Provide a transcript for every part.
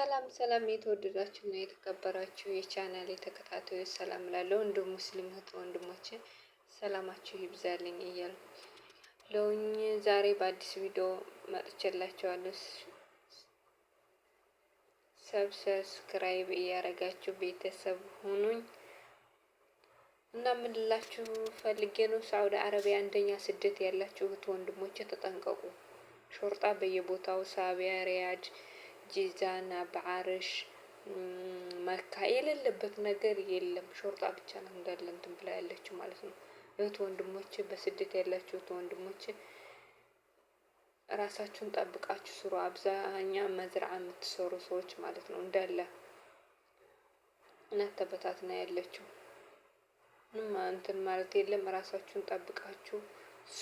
ሰላም ሰላም የተወደዳችሁ እና የተከበራችሁ የቻናል የተከታታዮች ሰላም ላለው እንደ ሙስሊም እህት ወንድሞቼ ሰላማችሁ ይብዛልኝ እያሉ ለውኝ ዛሬ በአዲስ ቪዲዮ መጥቼላችኋለሁ። ሰብሰስክራይብ እያረጋችሁ ቤተሰብ ሁኑኝ እና ምንላችሁ ፈልጌ ነው። ሳውዲ አረቢያ አንደኛ ስደት ያላችሁ እህት ወንድሞች ተጠንቀቁ። ሾርጣ በየቦታው ሳቢያ፣ ሪያድ ጂዛና በዓርሽ መካ የሌለበት ነገር የለም። ሾርጣ ብቻ ነው እንዳለ እንትን ብላ ያለችው ማለት ነው። እህት ወንድሞች፣ በስደት ያላችሁ እህት ወንድሞች ራሳችሁን ጠብቃችሁ ስሩ። አብዛኛ መዝራ የምትሰሩ ሰዎች ማለት ነው እንዳለ እናት ተበታትና ያለችው ምንም እንትን ማለት የለም። ራሳችሁን ጠብቃችሁ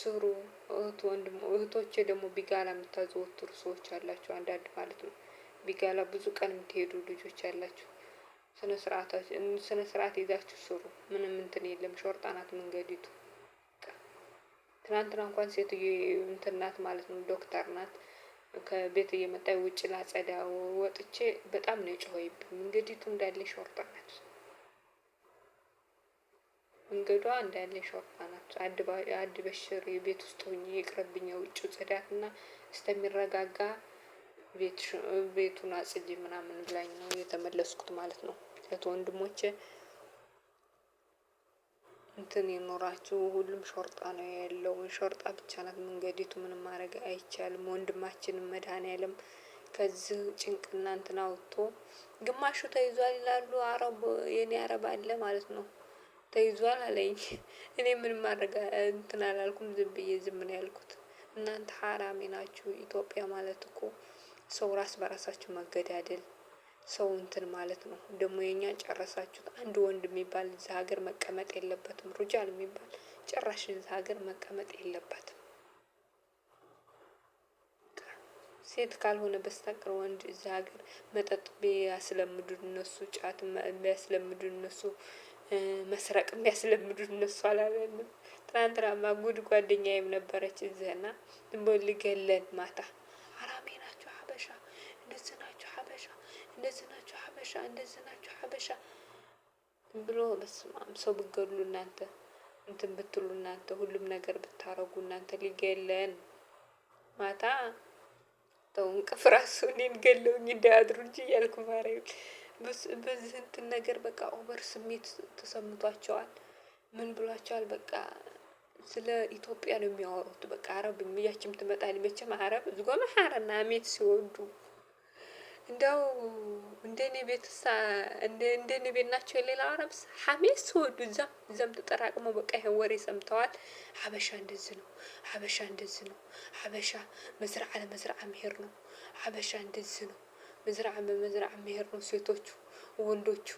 ስሩ። እህት ወንድሞ እህቶቼ ደግሞ ቢጋላ የምታዘወትሩ ሰዎች አላችሁ አንዳንድ ማለት ነው ቢጋላ ብዙ ቀን የምትሄዱ ልጆች ያላችሁ ስነ ስርዓት ይዛችሁ ስሩ። ምንም እንትን የለም። ሾርጣ ናት መንገዲቱ። ትናንትና እንኳን ሴትዮ እንትን ናት ማለት ነው፣ ዶክተር ናት። ከቤት እየመጣ ውጭ ላጸዳ ወጥቼ በጣም ነው የጮኸይብኝ። መንገዲቱ እንዳለ ሾርጣ ናት። መንገዷ እንዳለ ሾርጣ ናት። የቤት ውስጥ ሆኜ የቅረብኛ ውጭ ጽዳትና እስተሚረጋጋ ቤቱን አጽጂ ምናምን ብላኝ ነው የተመለስኩት ማለት ነው። እህት ወንድሞቼ እንትን የኖራችሁ ሁሉም ሾርጣ ነው ያለው። ሾርጣ ብቻ ናት መንገዲቱ። ምንም ማድረግ አይቻልም። ወንድማችንም ያለም ከዚህ ጭንቅና እንትን አውጥቶ ግማሹ ተይዟል ይላሉ። አረብ የኔ አረብ አለ ማለት ነው። ተይዟል አለኝ። እኔ ምንም ማድረግ እንትን አላልኩም። ዝም ብዬ ዝም ነው ያልኩት። እናንተ ሀራሜ ናችሁ። ኢትዮጵያ ማለት እኮ ሰው ራስ በራሳችሁ መገዳደል ሰው እንትን ማለት ነው። ደግሞ የኛ ጨረሳችሁት። አንድ ወንድ የሚባል እዚ ሀገር መቀመጥ የለበትም። ሩጃል የሚባል ጭራሽ እዚ ሀገር መቀመጥ የለበትም። ሴት ካልሆነ በስተቀር ወንድ እዚ ሀገር መጠጥ ቢያስለምዱ እነሱ ጫት ቢያስለምዱ እነሱ መስረቅ ቢያስለምዱ እነሱ አላለንም። ትናንትናማ ጉድ ጓደኛዬም ነበረች እዚህና ዝም ሊገለን ማታ እንደዚህ ናቸው ሀበሻ፣ እንደዚህ ናቸው ሀበሻ ብሎ በስማም ሰው ብገሉ እናንተ እንትን ብትሉ እናንተ ሁሉም ነገር ብታረጉ እናንተ ሊገለን ማታ ተው እንቅፍ ራሱ እኔን ገለውኝ እንዳያድሩ እንጂ እያልኩ ማርያም በዚህ እንትን ነገር በቃ ኦቨር ስሜት ተሰምቷቸዋል። ምን ብሏቸዋል? በቃ ስለ ኢትዮጵያ ነው የሚያወሩት። በቃ አረብ ያችም ትመጣል። መቼም አረብ ዝጎመ ሀረና አሜት ሲወዱ እንደው እንደኔ ቤትሳ እንደኔ ቤት ናቸው የሌላ አረብስ ሐሜስ ወዱ እዛም እዛም ተጠራቅሞ በቃ ይሄ ወሬ ሰምተዋል። ሀበሻ እንደዚህ ነው፣ ሀበሻ እንደዚህ ነው፣ ሀበሻ አለ ለመዝርዓ ምሄር ነው፣ ሀበሻ እንደዚህ ነው፣ አለ በመዝርዓ ምሄር ነው፣ ሴቶቹ ወንዶቹ።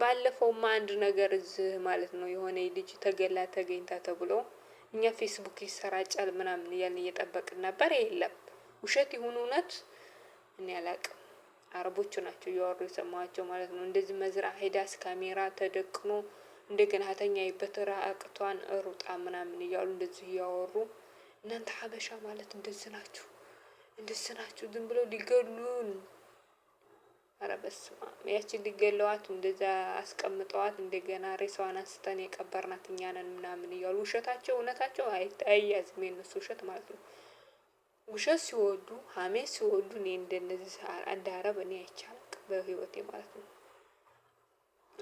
ባለፈውማ አንድ ነገር እዚህ ማለት ነው የሆነ ልጅ ተገላ ተገኝታ ተብሎ እኛ ፌስቡክ ይሰራጫል ምናምን እያልን እየጠበቅን ነበር። የለም ውሸት ይሁን እውነት እኔ አላቅም። አረቦቹ ናቸው እያወሩ የሰማቸው ማለት ነው። እንደዚህ መዝራ ሄዳስ ካሜራ ተደቅኖ እንደገና ተኛይበት አቅቷን ሩጣ ምናምን እያሉ እንደዚህ እያወሩ እናንተ ሀበሻ ማለት እንደዚህ ናችሁ፣ እንደዚህ ናችሁ፣ ዝም ብለው ሊገሉን። ኧረ በስመ አብ ያችን ሊገለዋት እንደዛ አስቀምጠዋት እንደገና ሬሳዋን አንስተን የቀበርናት እኛ ነን ምናምን እያሉ ውሸታቸው እውነታቸው አይያዝም የነሱ ውሸት ማለት ነው። ውሸት ሲወዱ ሀሜ ሲወዱ እኔ እንደነዚህ እንደ እኔ አይቻልቅ በህይወቴ ማለት ነው።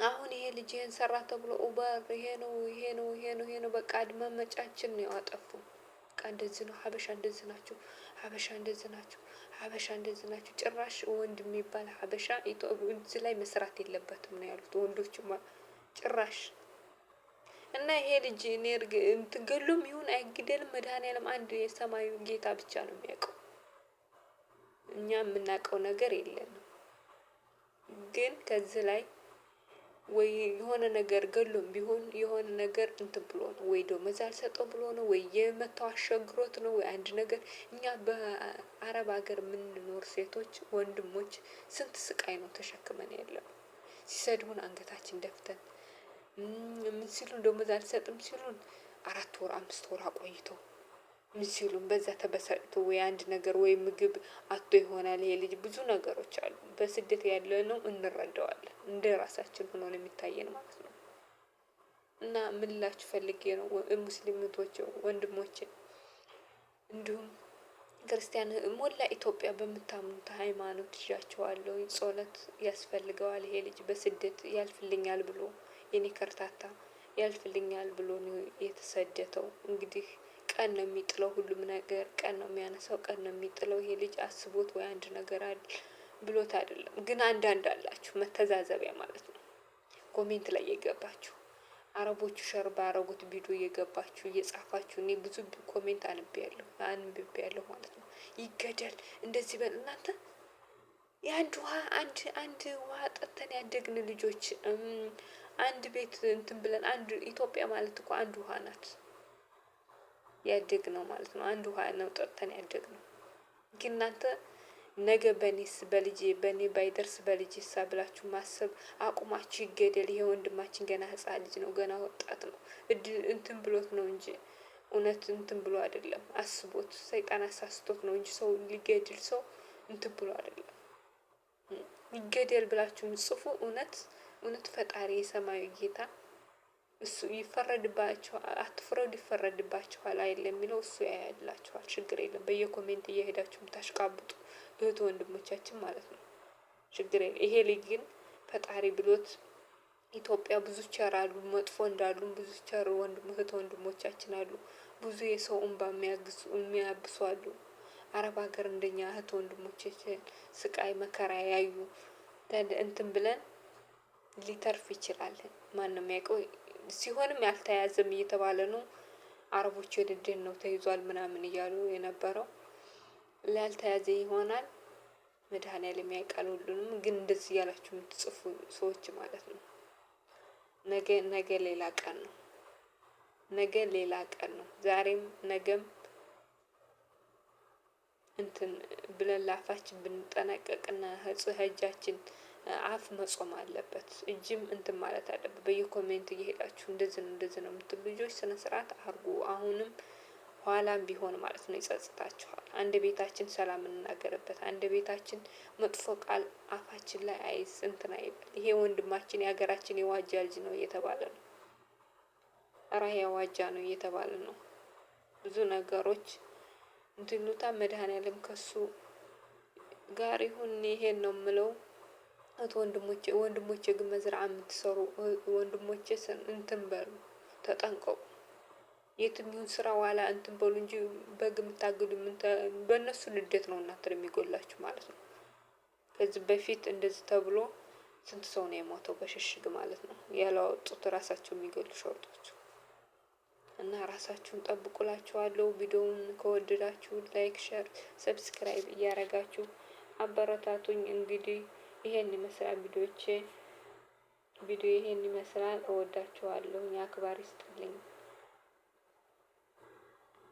አሁን ይሄ ልጅ ይሄን ሰራ ተብሎ ኡበር ይሄ ነው ይሄ ነው ይሄ ነው ይሄ ነው በቃ አድማመጫችን ነው ያጠፉ። በቃ እንደዚህ ነው ሀበሻ እንደዚህ ናቸው፣ ሀበሻ እንደዚህ ናቸው፣ ሀበሻ እንደዚህ ናቸው። ጭራሽ ወንድ የሚባል ሀበሻ እዚህ ላይ መስራት የለበትም ነው ያሉት ወንዶችማ ጭራሽ እና ይሄ ልጅ እኔ ገሎም ይሁን አይግደልም መድኃኒዓለም አንድ የሰማዩ ጌታ ብቻ ነው የሚያውቀው። እኛ የምናውቀው ነገር የለም። ግን ከዚህ ላይ ወይ የሆነ ነገር ገሎም ቢሆን የሆነ ነገር እንትን ብሎ ነው ወይ ደው አልሰጠው ብሎ ነው ወይ የመታው አሸግሮት ነው ወይ አንድ ነገር። እኛ በአረብ ሀገር የምንኖር ሴቶች ወንድሞች ስንት ስቃይ ነው ተሸክመን ያለው። ሲሰድቡን አንገታችን ደፍተን ምን ሲሉን ደሞዝ አልሰጥም ሲሉን አራት ወር አምስት ወር አቆይተው ምን ሲሉን በዛ ተበሳጭተው ወይ አንድ ነገር ወይ ምግብ አቶ ይሆናል ይሄ ልጅ ብዙ ነገሮች አሉ። በስደት ነው እንረዳዋለን እንደ ራሳችን ሆኖ ነው የሚታየን ማለት ነው። እና ምን ላችሁ ፈልጌ ነው ሙስሊም እህቶቼ ወንድሞቼ፣ እንዲሁም ክርስቲያን ሞላ ኢትዮጵያ በምታምኑት ሃይማኖት ይዣቸዋለሁ። ጸሎት ያስፈልገዋል ይሄ ልጅ በስደት ያልፍልኛል ብሎ የኔ ከርታታ ያልፍልኛል ብሎ ነው የተሰደተው። እንግዲህ ቀን ነው የሚጥለው፣ ሁሉም ነገር ቀን ነው የሚያነሳው፣ ቀን ነው የሚጥለው። ይሄ ልጅ አስቦት ወይ አንድ ነገር ብሎት አይደለም። ግን አንዳንድ አላችሁ መተዛዘቢያ ማለት ነው። ኮሜንት ላይ የገባችሁ አረቦቹ ሸር ባረጉት ቪዲዮ እየገባችሁ እየጻፋችሁ እኔ ብዙ ኮሜንት አንብቤያለሁ አንብቤያለሁ ማለት ነው። ይገደል እንደዚህ በል እናንተ የአንድ ውሃ አንድ አንድ ውሃ ጠጥተን ያደግን ልጆች አንድ ቤት እንትን ብለን አንድ ኢትዮጵያ ማለት እኮ አንድ ውሃ ናት ያደግ ነው ማለት ነው። አንድ ውሃ ነው ጠጥተን ያደግ ነው። ግን እናንተ ነገ በኔስ በልጄ በኔ ባይደርስ በልጄ ሳ ብላችሁ ማሰብ አቁማችሁ ይገደል። ይሄ ወንድማችን ገና ህፃ ልጅ ነው፣ ገና ወጣት ነው። እድል እንትን ብሎት ነው እንጂ እውነት እንትን ብሎ አይደለም። አስቦት ሰይጣን አሳስቶት ነው እንጂ ሰው ሊገድል ሰው እንትን ብሎ አይደለም። ይገደል ብላችሁ ምጽፉ እውነት እውነት ፈጣሪ የሰማዩ ጌታ እሱ ይፈረድባችኋል። አትፍረዱ ይፈረድባችኋል አይደል የሚለው እሱ ያያላችኋል። ችግር የለም። በየኮሜንት እየሄዳችሁ ታሽቃብጡ እህት ወንድሞቻችን ማለት ነው። ችግር የለም። ይሄ ልጅ ግን ፈጣሪ ብሎት ኢትዮጵያ ብዙ ቸር አሉ፣ መጥፎ እንዳሉ ብዙ ቸር ወንድም እህት ወንድሞቻችን አሉ። ብዙ የሰው እንባ የሚያብሱ አሉ። አረብ ሀገር እንደኛ እህት ወንድሞቻችን ስቃይ መከራ ያዩ እንትን ብለን ሊተርፍ ይችላል። ማንም ያውቀው ሲሆንም ያልተያዘም እየተባለ ነው። አረቦች ወደድህን ነው ተይዟል ምናምን እያሉ የነበረው ላልተያዘ ይሆናል። መድኃኔዓለም ያውቃል ሁሉንም። ግን እንደዚህ እያላችሁ የምትጽፉ ሰዎች ማለት ነው ነገ ነገ ሌላ ቀን ነው። ነገ ሌላ ቀን ነው። ዛሬም ነገም እንትን ብለን ለአፋችን ብንጠነቀቅና እጃችን አፍ መጾም አለበት። እጅም እንትን ማለት አለበት። በየኮሜንት እየሄዳችሁ እንደዚህ ነው እንደዚህ ነው የምትሉ ልጆች ስነ ስርዓት አርጉ። አሁንም ኋላም ቢሆን ማለት ነው ይጸጽታችኋል። አንድ ቤታችን ሰላም እንናገርበት፣ አንድ ቤታችን መጥፎ ቃል አፋችን ላይ አይዝ እንትን አይበል። ይሄ ወንድማችን የሀገራችን የዋጃ ልጅ ነው እየተባለ ነው። ራህ የዋጃ ነው እየተባለ ነው ብዙ ነገሮች እንድንወጣ መድኃኔዓለም ከሱ ጋር ይሁን። ይሄን ነው የምለው። እህት ወንድሞቼ ወንድሞቼ ግን መዝርዓ የምትሰሩ ወንድሞቼ እንትን በሉ ተጠንቀቁ። የትም ይሁን ስራ ዋላ እንትን በሉ እንጂ በግ የምታግዱ በእነሱ ንዴት ነው እናትር የሚጎላችሁ ማለት ነው። ከዚህ በፊት እንደዚህ ተብሎ ስንት ሰው ነው የሞተው በሽሽግ ማለት ነው። ያላወጡት ራሳቸው የሚገሉ ሸርጦች እና ራሳችሁን ጠብቁላችኋለሁ። ቪዲዮውን ከወደዳችሁ ላይክ፣ ሸር፣ ሰብስክራይብ እያረጋችሁ አበረታቱኝ። እንግዲህ ይሄን ይመስላል ቪዲዮቼ ቪዲዮ ይሄን ይመስላል። እወዳችኋለሁ። አክባሪ ስጥልኝ።